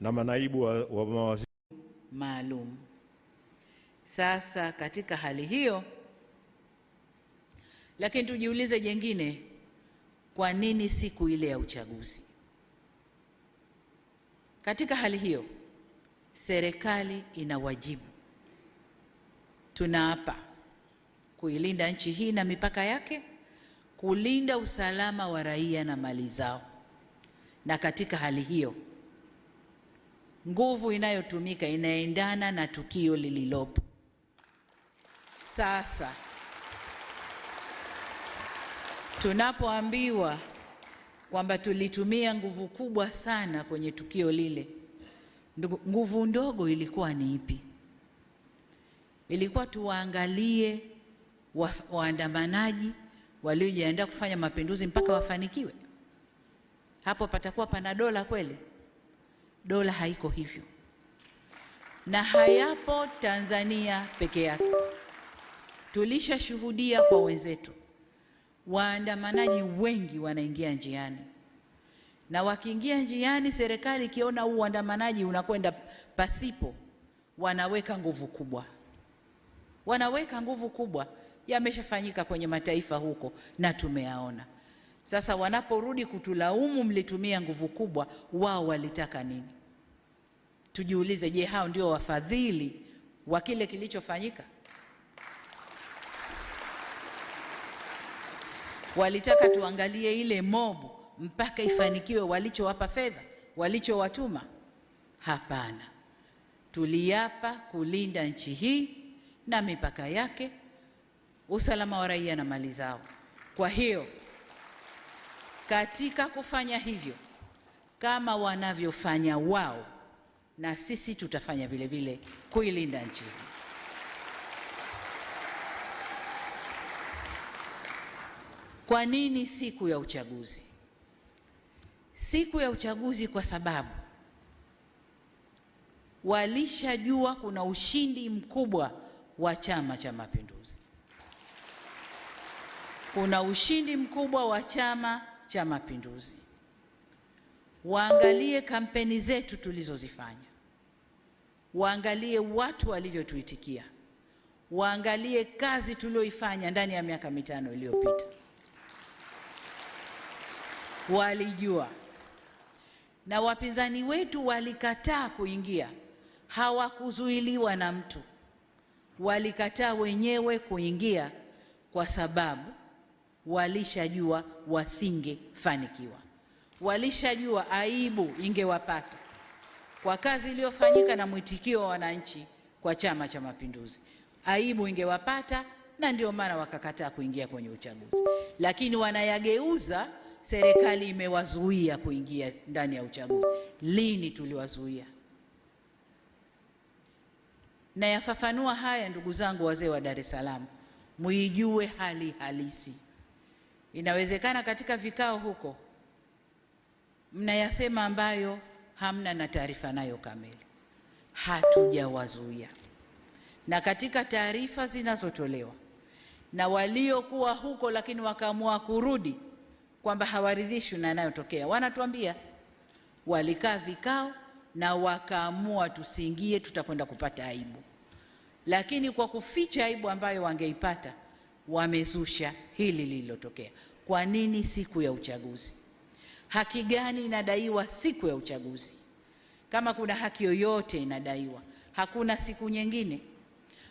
na manaibu wa, wa mawaziri maalum. Sasa katika hali hiyo, lakini tujiulize jengine, kwa nini siku ile ya uchaguzi? Katika hali hiyo, serikali ina wajibu, tunaapa kuilinda nchi hii na mipaka yake, kulinda usalama wa raia na mali zao, na katika hali hiyo nguvu inayotumika inaendana na tukio lililopo sasa. Tunapoambiwa kwamba tulitumia nguvu kubwa sana kwenye tukio lile, nguvu ndogo ilikuwa ni ipi? Ilikuwa tuwaangalie wa, waandamanaji waliojiandaa kufanya mapinduzi mpaka wafanikiwe? Hapo patakuwa pana dola kweli? Dola haiko hivyo na hayapo Tanzania peke yake. Tulishashuhudia kwa wenzetu, waandamanaji wengi wanaingia njiani, na wakiingia njiani, serikali ikiona uandamanaji unakwenda pasipo, wanaweka nguvu kubwa, wanaweka nguvu kubwa. Yameshafanyika kwenye mataifa huko na tumeyaona. Sasa wanaporudi kutulaumu, mlitumia nguvu kubwa, wao walitaka nini? tujiulize, je, hao ndio wafadhili wa kile kilichofanyika? Walitaka tuangalie ile mobu mpaka ifanikiwe walichowapa fedha, walichowatuma? Hapana, tuliapa kulinda nchi hii na mipaka yake, usalama wa raia na mali zao. Kwa hiyo katika kufanya hivyo, kama wanavyofanya wao na sisi tutafanya vile vile kuilinda nchi Kwa nini siku ya uchaguzi? Siku ya uchaguzi kwa sababu walishajua kuna ushindi mkubwa wa Chama cha Mapinduzi, kuna ushindi mkubwa wa Chama cha Mapinduzi. Waangalie kampeni zetu tulizozifanya waangalie watu walivyotuitikia, waangalie kazi tulioifanya ndani ya miaka mitano iliyopita. Walijua na wapinzani wetu walikataa kuingia, hawakuzuiliwa na mtu, walikataa wenyewe kuingia kwa sababu walishajua wasingefanikiwa, walishajua aibu ingewapata kwa kazi iliyofanyika na mwitikio wa wananchi kwa Chama cha Mapinduzi. Aibu ingewapata na ndio maana wakakataa kuingia kwenye uchaguzi, lakini wanayageuza. Serikali imewazuia kuingia ndani ya uchaguzi. Lini tuliwazuia? Nayafafanua haya ndugu zangu, wazee wa Dar es Salaam, muijue hali halisi. Inawezekana katika vikao huko mnayasema ambayo hamna na taarifa nayo kamili, hatujawazuia. Na katika taarifa zinazotolewa na waliokuwa huko lakini wakaamua kurudi kwamba hawaridhishwi na yanayotokea, wanatuambia walikaa vikao na wakaamua tusiingie, tutakwenda kupata aibu. Lakini kwa kuficha aibu ambayo wangeipata, wamezusha hili lililotokea. Kwa nini siku ya uchaguzi haki gani inadaiwa siku ya uchaguzi? Kama kuna haki yoyote inadaiwa, hakuna siku nyingine,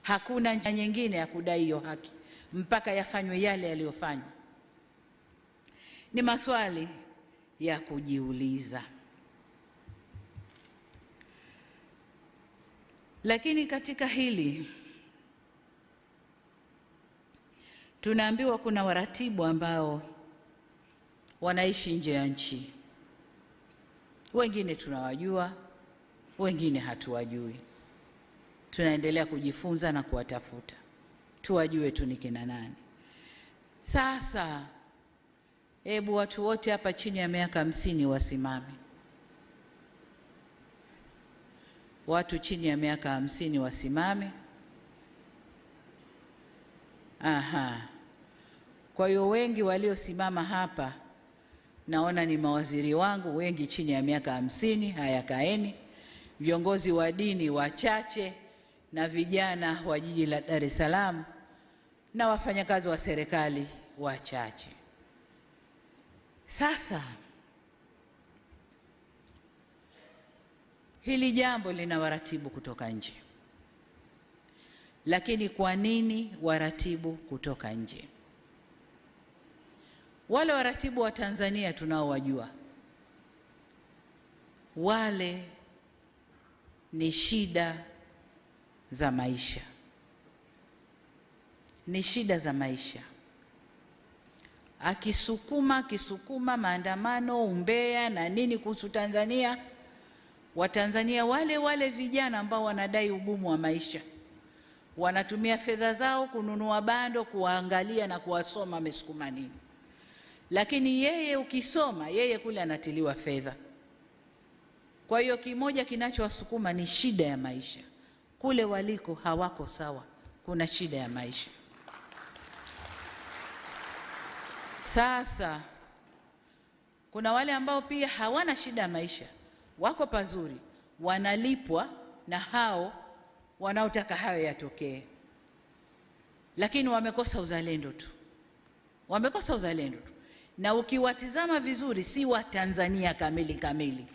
hakuna njia nyingine ya kudai hiyo haki mpaka yafanywe yale yaliyofanywa. Ni maswali ya kujiuliza. Lakini katika hili tunaambiwa kuna waratibu ambao wanaishi nje ya nchi, wengine tunawajua, wengine hatuwajui. Tunaendelea kujifunza na kuwatafuta tuwajue tu ni kina nani. Sasa hebu watu wote hapa chini ya miaka hamsini wasimame, watu chini ya miaka hamsini wasimame. Aha. Kwa hiyo wengi waliosimama hapa naona ni mawaziri wangu wengi chini ya miaka hamsini, haya kaeni. Viongozi wa dini wachache na vijana wa jiji la Dar es Salaam na wafanyakazi wa serikali wachache. Sasa hili jambo lina waratibu kutoka nje, lakini kwa nini waratibu kutoka nje? Wale waratibu wa Tanzania tunaowajua wale ni shida za maisha, ni shida za maisha. Akisukuma akisukuma maandamano, umbea na nini kuhusu Tanzania, Watanzania wale wale vijana ambao wanadai ugumu wa maisha wanatumia fedha zao kununua bando, kuwaangalia na kuwasoma wamesukuma nini lakini yeye ukisoma yeye kule anatiliwa fedha. Kwa hiyo kimoja kinachowasukuma ni shida ya maisha, kule waliko hawako sawa, kuna shida ya maisha. Sasa kuna wale ambao pia hawana shida ya maisha, wako pazuri, wanalipwa na hao wanaotaka hayo yatokee, lakini wamekosa uzalendo tu, wamekosa uzalendo tu na ukiwatizama vizuri si wa Tanzania kamili kamili.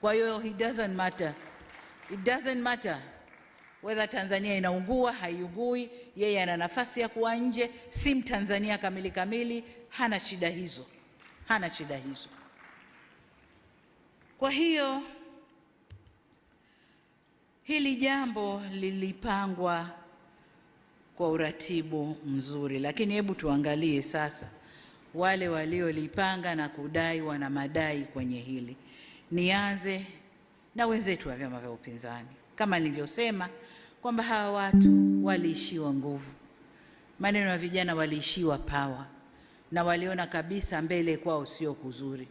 Kwa hiyo it doesn't matter, it doesn't matter whether Tanzania inaungua haiungui, yeye ana nafasi ya kuwa nje, si Mtanzania kamili kamili, hana shida hizo, hana shida hizo. Kwa hiyo hili jambo lilipangwa kwa uratibu mzuri, lakini hebu tuangalie sasa wale waliolipanga na kudai wana madai kwenye hili. Nianze na wenzetu wa vyama vya upinzani, kama nilivyosema kwamba hawa watu waliishiwa nguvu, maneno ya vijana, waliishiwa pawa na waliona kabisa mbele kwao sio kuzuri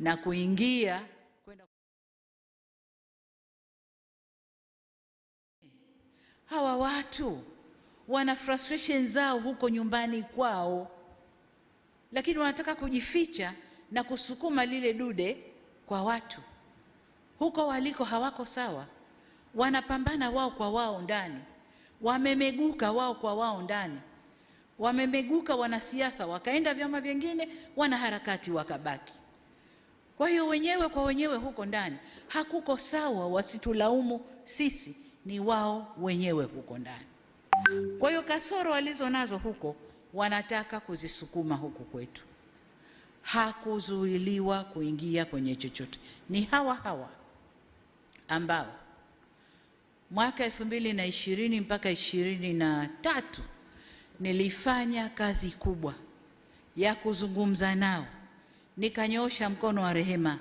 na kuingia kwenda. Hawa watu wana frustration zao huko nyumbani kwao lakini wanataka kujificha na kusukuma lile dude kwa watu huko waliko. Hawako sawa, wanapambana wao kwa wao ndani, wamemeguka wao kwa wao ndani, wamemeguka wanasiasa, wakaenda vyama vyingine, wanaharakati wakabaki. Kwa hiyo wenyewe kwa wenyewe huko ndani hakuko sawa, wasitulaumu sisi, ni wao wenyewe huko ndani. Kwa hiyo kasoro walizo nazo huko wanataka kuzisukuma huku kwetu. Hakuzuiliwa kuingia kwenye chochote. Ni hawa hawa ambao mwaka elfu mbili na ishirini mpaka ishirini na tatu nilifanya kazi kubwa ya kuzungumza nao, nikanyoosha mkono wa rehema,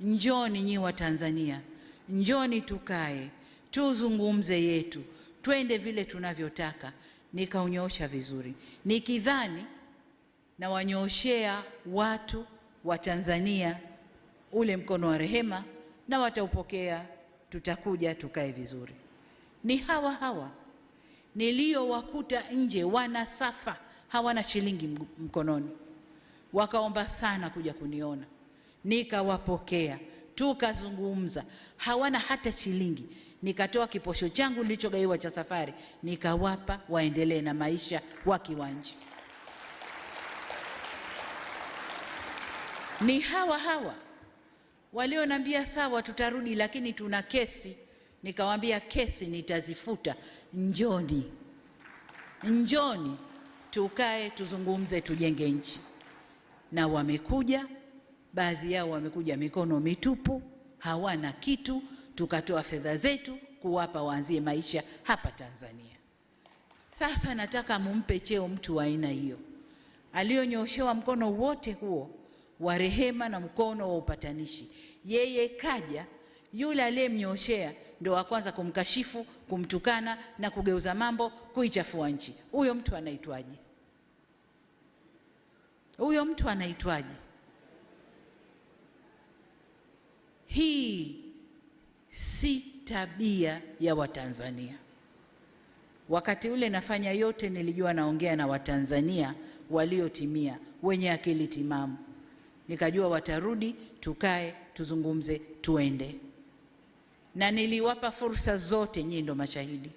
njoni nyi wa Tanzania, njoni tukae tuzungumze yetu, twende vile tunavyotaka nikaunyoosha vizuri, nikidhani nawanyooshea watu wa Tanzania ule mkono wa rehema na wataupokea, tutakuja tukae vizuri. Ni hawa hawa niliowakuta nje wana safa hawana shilingi mkononi, wakaomba sana kuja kuniona, nikawapokea tukazungumza, hawana hata shilingi nikatoa kiposho changu nilichogaiwa cha safari, nikawapa waendelee na maisha wakiwa nje. Ni hawa hawa walionambia sawa, tutarudi lakini tuna kesi. Nikawaambia kesi nitazifuta, njoni njoni tukae tuzungumze, tujenge nchi. Na wamekuja, baadhi yao wamekuja mikono mitupu, hawana kitu, tukatoa fedha zetu kuwapa waanzie maisha hapa Tanzania. Sasa nataka mumpe cheo mtu wa aina hiyo aliyonyoshewa mkono wote huo wa rehema na mkono wa upatanishi. Yeye kaja, yule aliyemnyoshea ndo wa kwanza kumkashifu, kumtukana na kugeuza mambo, kuichafua nchi. Huyo mtu anaitwaje? Huyo mtu anaitwaje? Hii si tabia ya Watanzania. Wakati ule nafanya yote, nilijua naongea na Watanzania waliotimia wenye akili timamu, nikajua watarudi, tukae tuzungumze, tuende. Na niliwapa fursa zote, nyinyi ndo mashahidi.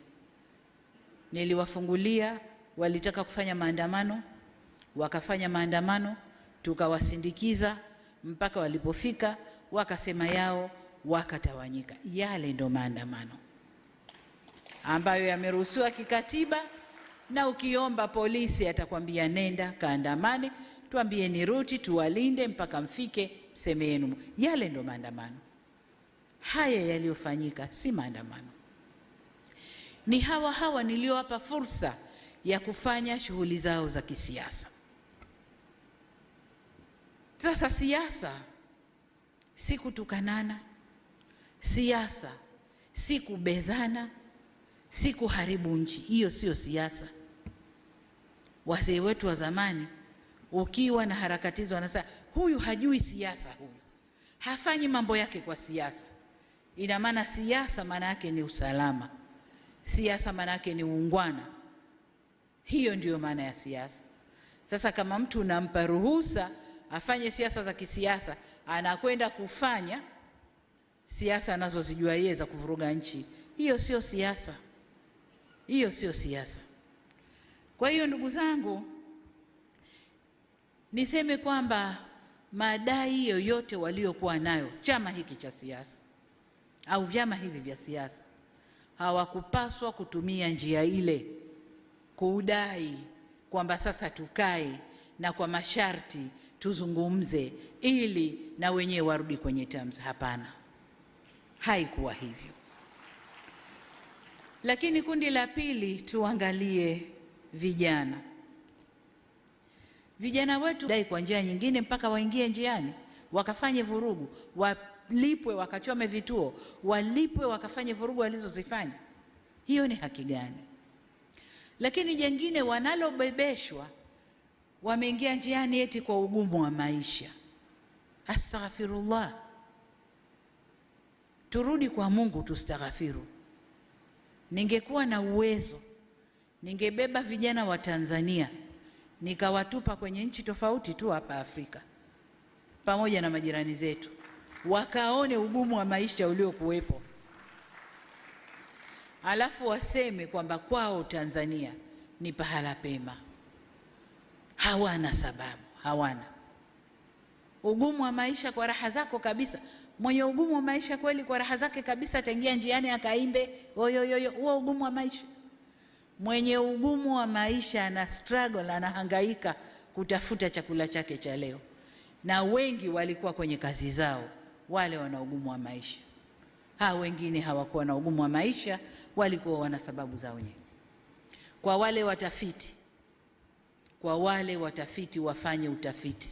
Niliwafungulia, walitaka kufanya maandamano, wakafanya maandamano, tukawasindikiza mpaka walipofika, wakasema yao wakatawanyika. Yale ndo maandamano ambayo yameruhusiwa kikatiba, na ukiomba polisi atakwambia nenda kaandamane, tuambie ni ruti, tuwalinde mpaka mfike mseme yenu. Yale ndo maandamano. Haya yaliyofanyika si maandamano, ni hawa hawa niliowapa fursa ya kufanya shughuli zao za kisiasa. Sasa siasa si kutukanana Siasa si kubezana, si kuharibu nchi. Hiyo siyo siasa. Wazee wetu wa zamani, ukiwa na harakati hizo, wanasema huyu hajui siasa, huyu hafanyi mambo yake kwa siasa. Ina maana siasa maana yake ni usalama, siasa maana yake ni uungwana. Hiyo ndiyo maana ya siasa. Sasa kama mtu unampa ruhusa afanye siasa za kisiasa, anakwenda kufanya siasa anazozijua yeye za kuvuruga nchi, hiyo sio siasa, hiyo sio siasa. Kwa hiyo ndugu zangu, niseme kwamba madai yoyote waliokuwa nayo chama hiki cha siasa au vyama hivi vya siasa hawakupaswa kutumia njia ile kudai kwamba sasa tukae na kwa masharti tuzungumze ili na wenyewe warudi kwenye terms. Hapana haikuwa hivyo. Lakini kundi la pili, tuangalie vijana. Vijana wetu dai kwa njia nyingine mpaka waingie njiani wakafanye vurugu, walipwe, wakachome vituo, walipwe, wakafanye vurugu walizozifanya. Hiyo ni haki gani? Lakini jengine wanalobebeshwa, wameingia njiani eti kwa ugumu wa maisha. Astaghfirullah turudi kwa Mungu tustaghfiru. Ningekuwa na uwezo ningebeba vijana wa Tanzania nikawatupa kwenye nchi tofauti tu hapa Afrika pamoja na majirani zetu, wakaone ugumu wa maisha uliokuwepo, alafu waseme kwamba kwao Tanzania ni pahala pema. Hawana sababu, hawana ugumu wa maisha kwa raha zako kabisa. Mwenye ugumu wa maisha kweli, kwa raha zake kabisa, ataingia njiani akaimbe oyoyoyo, huo ugumu wa maisha. Mwenye ugumu wa maisha ana struggle, anahangaika kutafuta chakula chake cha leo, na wengi walikuwa kwenye kazi zao, wale wana ugumu wa maisha. Ha, wengine hawakuwa na ugumu wa maisha, walikuwa wana sababu zao wenyewe. Kwa wale watafiti, kwa wale watafiti wafanye utafiti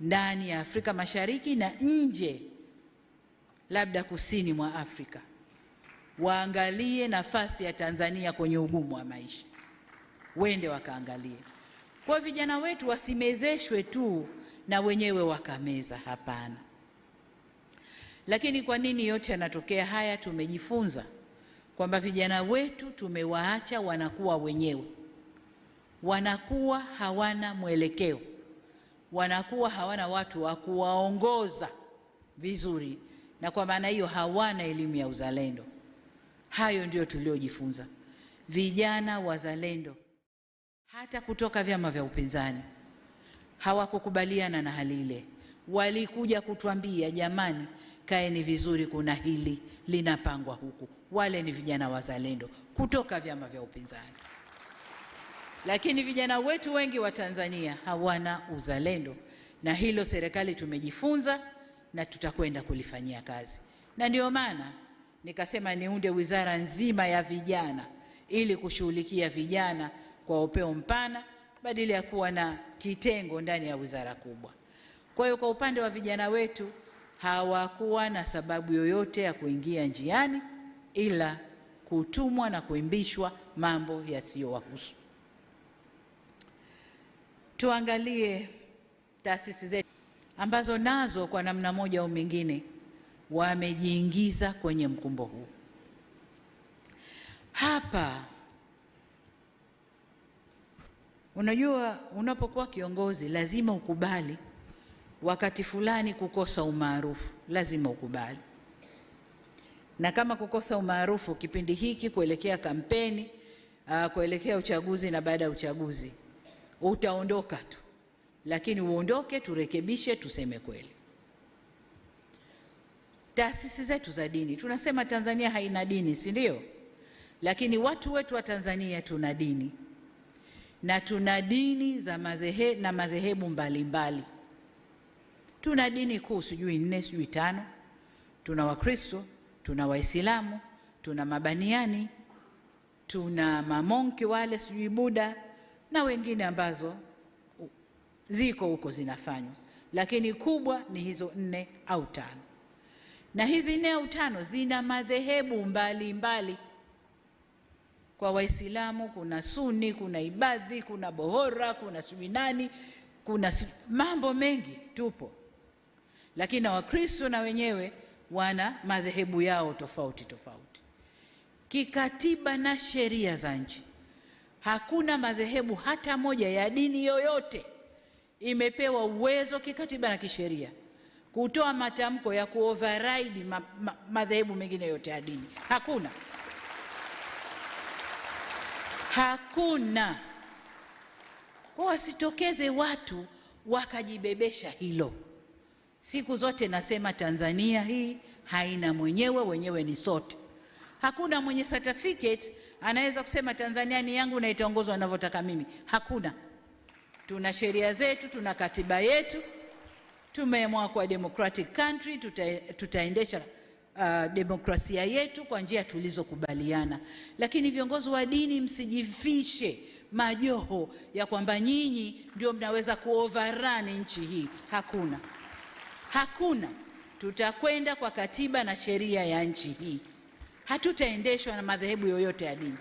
ndani ya Afrika Mashariki na nje labda kusini mwa Afrika waangalie nafasi ya Tanzania kwenye ugumu wa maisha, wende wakaangalie. Kwa vijana wetu wasimezeshwe tu na wenyewe wakameza, hapana. Lakini kwa nini yote yanatokea haya? Tumejifunza kwamba vijana wetu tumewaacha wanakuwa wenyewe, wanakuwa hawana mwelekeo, wanakuwa hawana watu wa kuwaongoza vizuri na kwa maana hiyo hawana elimu ya uzalendo. Hayo ndiyo tuliojifunza vijana wazalendo, hata kutoka vyama vya upinzani hawakukubaliana na hali ile. Walikuja kutwambia jamani, kaeni vizuri, kuna hili linapangwa huku. Wale ni vijana wazalendo kutoka vyama vya upinzani, lakini vijana wetu wengi wa Tanzania hawana uzalendo, na hilo serikali tumejifunza na tutakwenda kulifanyia kazi, na ndio maana nikasema niunde wizara nzima ya vijana ili kushughulikia vijana kwa upeo mpana badala ya kuwa na kitengo ndani ya wizara kubwa. Kwa hiyo kwa upande wa vijana wetu hawakuwa na sababu yoyote ya kuingia njiani ila kutumwa na kuimbishwa mambo yasiyowahusu. Tuangalie taasisi zetu ambazo nazo kwa namna moja au mingine wamejiingiza kwenye mkumbo huu. Hapa unajua, unapokuwa kiongozi lazima ukubali wakati fulani kukosa umaarufu, lazima ukubali. Na kama kukosa umaarufu kipindi hiki kuelekea kampeni, uh, kuelekea uchaguzi na baada ya uchaguzi, utaondoka tu lakini uondoke, turekebishe, tuseme kweli. Taasisi zetu za dini, tunasema Tanzania haina dini, si ndio? Lakini watu wetu wa Tanzania tuna dini na tuna dini za madhehe, na madhehebu mbalimbali. Tuna dini kuu sijui nne sijui tano. Tuna Wakristo, tuna Waislamu, tuna mabaniani, tuna mamonki wale sijui Buda na wengine ambazo ziko huko zinafanywa, lakini kubwa ni hizo nne au tano, na hizi nne au tano zina madhehebu mbalimbali. Kwa Waislamu kuna Suni, kuna Ibadhi, kuna Bohora, kuna Suminani, kuna mambo mengi tupo, lakini na Wakristo na wenyewe wana madhehebu yao tofauti tofauti. Kikatiba na sheria za nchi hakuna madhehebu hata moja ya dini yoyote imepewa uwezo kikatiba na kisheria kutoa matamko ya kuoverride ma, ma, madhehebu mengine yote ya dini. Hakuna, hakuna. Kwa wasitokeze watu wakajibebesha hilo. Siku zote nasema Tanzania hii haina mwenyewe, wenyewe ni sote. Hakuna mwenye certificate anaweza kusema Tanzania ni yangu na itaongozwa ninavyotaka mimi. Hakuna. Tuna sheria zetu, tuna katiba yetu, tumeamua kuwa democratic country, tuta, tutaendesha uh, demokrasia yetu kwa njia tulizokubaliana. Lakini viongozi wa dini, msijifishe majoho ya kwamba nyinyi ndio mnaweza kuoverrun nchi hii. Hakuna, hakuna. Tutakwenda kwa katiba na sheria ya nchi hii, hatutaendeshwa na madhehebu yoyote ya dini,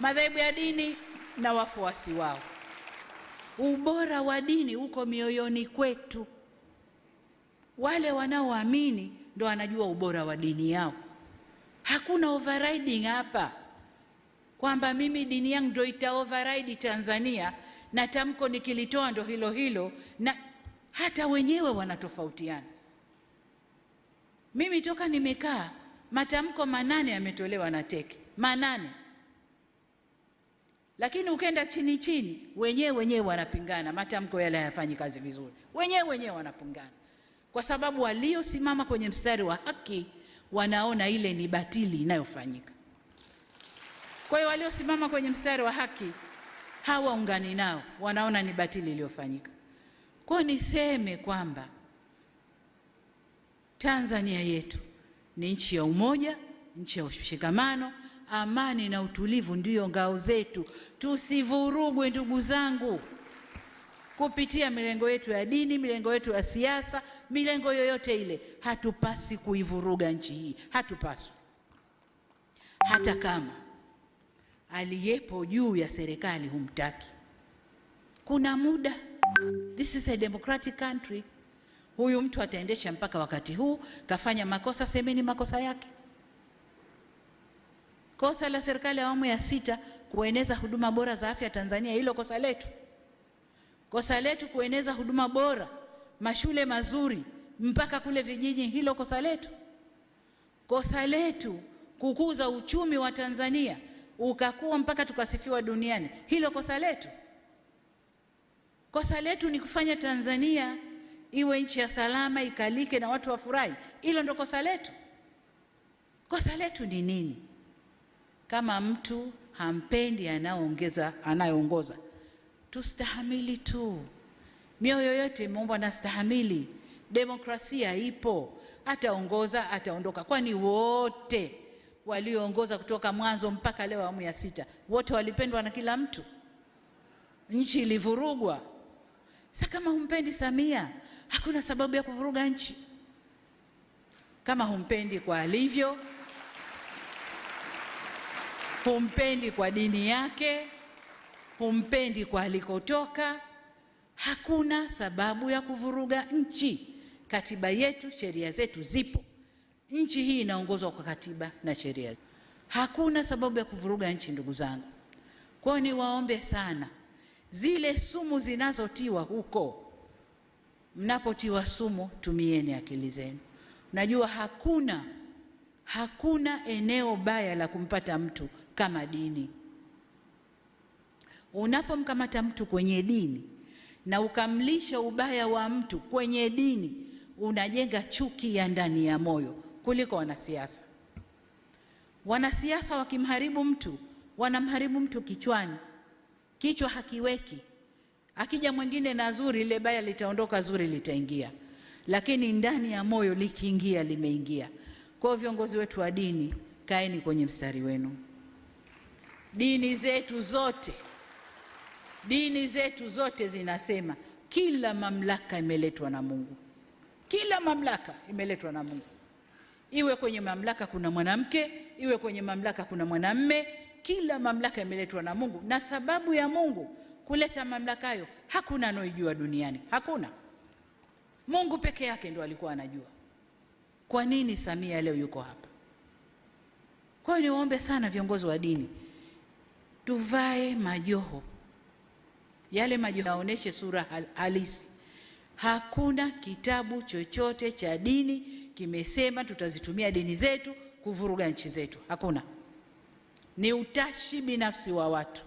madhehebu ya dini na wafuasi wao. Ubora wa dini uko mioyoni kwetu. Wale wanaoamini ndo wanajua ubora wa dini yao. Hakuna overriding hapa kwamba mimi dini yangu ndo ita override Tanzania na tamko nikilitoa ndo hilo hilo, na hata wenyewe wanatofautiana. Mimi toka nimekaa matamko manane yametolewa na teki manane. Lakini ukenda chini chini, wenyewe wenyewe wanapingana, matamko yale hayafanyi kazi vizuri, wenyewe wenyewe wanapingana, kwa sababu waliosimama kwenye mstari wa haki wanaona ile ni batili inayofanyika. Kwa hiyo waliosimama kwenye mstari wa haki hawaungani nao, wanaona ni batili iliyofanyika. Kwa hiyo niseme kwamba Tanzania yetu ni nchi ya umoja, nchi ya ushikamano amani na utulivu ndiyo ngao zetu. Tusivurugwe ndugu zangu, kupitia milengo yetu ya dini, milengo yetu ya siasa, milengo yoyote ile. Hatupasi kuivuruga nchi hii, hatupaswi. Hata kama aliyepo juu ya serikali humtaki, kuna muda. This is a democratic country. Huyu mtu ataendesha mpaka wakati huu. Kafanya makosa, semeni makosa yake. Kosa la serikali ya awamu ya sita kueneza huduma bora za afya Tanzania, hilo kosa letu. Kosa letu kueneza huduma bora, mashule mazuri mpaka kule vijiji, hilo kosa letu. Kosa letu kukuza uchumi wa Tanzania ukakuwa mpaka tukasifiwa duniani, hilo kosa letu. Kosa letu ni kufanya Tanzania iwe nchi ya salama, ikalike na watu wafurahi, hilo ndo kosa letu. Kosa letu ni nini? Kama mtu hampendi anaongeza anayeongoza, tustahamili tu. Mioyo yote imeumbwa na stahamili. Demokrasia ipo, ataongoza ataondoka. Kwani wote walioongoza kutoka mwanzo mpaka leo awamu ya sita, wote walipendwa na kila mtu? Nchi ilivurugwa. sa kama humpendi Samia, hakuna sababu ya kuvuruga nchi. Kama humpendi kwa alivyo humpendi kwa dini yake, humpendi kwa alikotoka. Hakuna sababu ya kuvuruga nchi. Katiba yetu, sheria zetu zipo. Nchi hii inaongozwa kwa katiba na sheria. Hakuna sababu ya kuvuruga nchi, ndugu zangu. Kwa hiyo niwaombe sana, zile sumu zinazotiwa huko, mnapotiwa sumu tumieni akili zenu. Najua hakuna hakuna eneo baya la kumpata mtu kama dini. Unapomkamata mtu kwenye dini na ukamlisha ubaya wa mtu kwenye dini, unajenga chuki ya ndani ya moyo kuliko wanasiasa. Wanasiasa wakimharibu mtu, wanamharibu mtu kichwani, kichwa hakiweki. Akija mwingine na zuri, ile baya litaondoka, zuri litaingia, lakini ndani ya moyo likiingia, limeingia. Kwa hiyo viongozi wetu wa dini, kaeni kwenye mstari wenu. Dini zetu zote, dini zetu zote zinasema kila mamlaka imeletwa na Mungu, kila mamlaka imeletwa na Mungu. Iwe kwenye mamlaka kuna mwanamke, iwe kwenye mamlaka kuna mwanamme, kila mamlaka imeletwa na Mungu, na sababu ya Mungu kuleta mamlaka hayo hakuna anaijua duniani, hakuna. Mungu peke yake ndo alikuwa anajua. Kwa nini Samia leo yuko hapa? Kwa hiyo niwaombe sana viongozi wa dini tuvae majoho yale, majoho yaoneshe sura hal halisi. Hakuna kitabu chochote cha dini kimesema tutazitumia dini zetu kuvuruga nchi zetu, hakuna. Ni utashi binafsi wa watu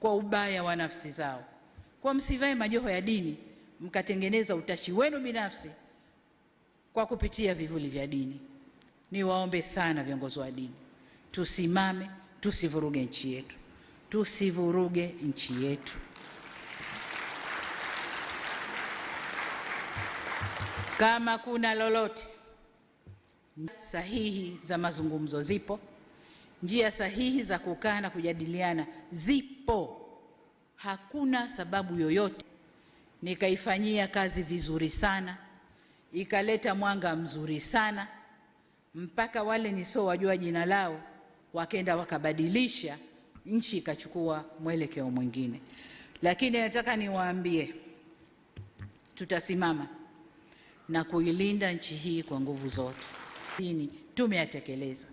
kwa ubaya wa nafsi zao, kwa msivae majoho ya dini mkatengeneza utashi wenu binafsi kwa kupitia vivuli vya dini. Niwaombe sana viongozi wa dini, tusimame tusivuruge nchi yetu tusivuruge nchi yetu. Kama kuna lolote, sahihi za mazungumzo zipo, njia sahihi za kukaa na kujadiliana zipo. Hakuna sababu yoyote nikaifanyia kazi vizuri sana, ikaleta mwanga mzuri sana mpaka wale nisio wajua jina lao wakenda wakabadilisha nchi ikachukua mwelekeo mwingine. Lakini nataka niwaambie, tutasimama na kuilinda nchi hii kwa nguvu zote. Tumeyatekeleza